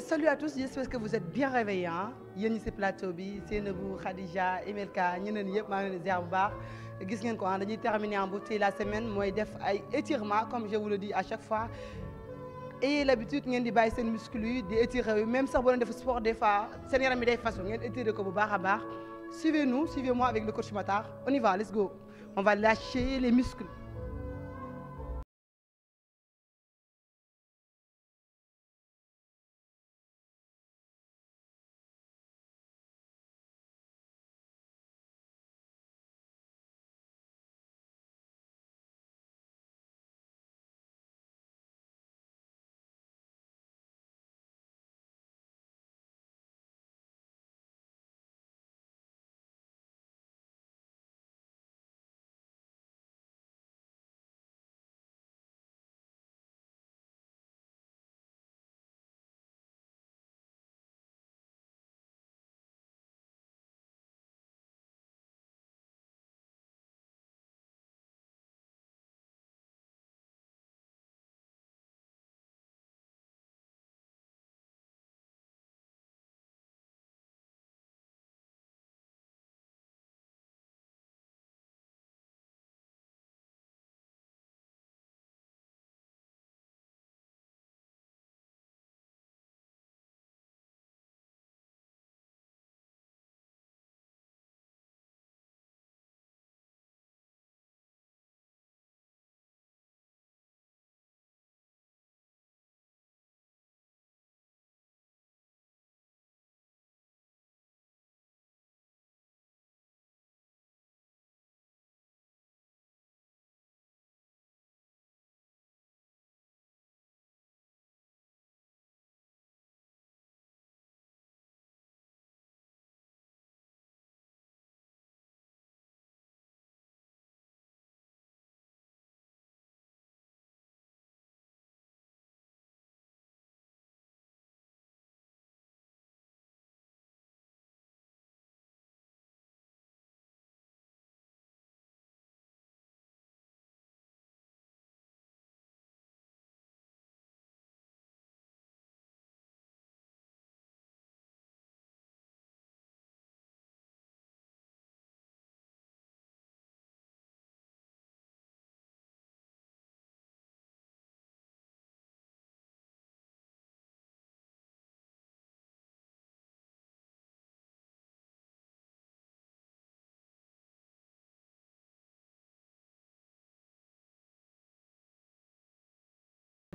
salut à tous j'espère que vous êtes bien réveillés ah yéen ñi si plateau bi Seynabou Khadija Emelka ñeneen yëpp maa ngi leen di ziar bu baax gis ngeen ko ah dañuy terminer en beauté la semaine mooy def ay étirement comme je vous le à chaque fois. ayez l'habitude ngeen di bàyyi seen muscle yi di étirer même sax boo leen def sport des fois seen yaram bi day façon ngeen étirer ko bu baax a baax suivez-nous suivez-moi avec le coach Matar on y va let's go on va lâcher les muscles.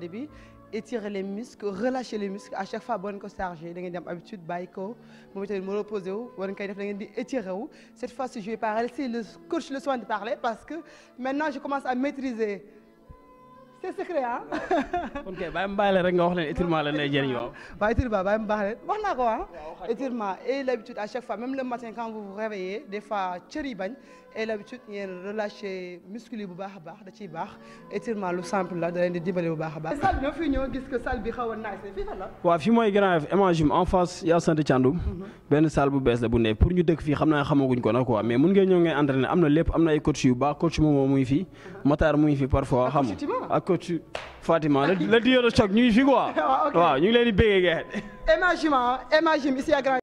body bi les muscles relâcher les muscles à chaque fois boo leen ko chargé da habitude bàyyi ko moom tamit moo reposé wu boo leen koy def da cette fois-ci je vais pas laisser le coach le soin de parler parce que maintenant je commence à maîtriser c'est secret ah. kon kay bàyyi mu baax leen rek nga wax leen étirement lan lay jëriñ waaw. waaw baax leen wax matin quand vous vous réveillez des fois bañ et l'habitude ngeen relâché muscles bu baax a baax da ciy baax étirement lu simple la da leen di dimbale bu baax a baax. salle bi fi ñëw gis que salle bi xaw a nice fii fan la. waaw fii mooy Grand Yoff Image yaa sant Thiandoum. Mhm. benn salle bu bees la bu ne pour ñu dëkk fii xam naa xamaguñ ko nag quoi mais mun ngeen ñëw ngay entraîner am am coach Fatima le le duo de choc fi quoi. Ah, waaw ñu leen di béggee gerte. imagine imagine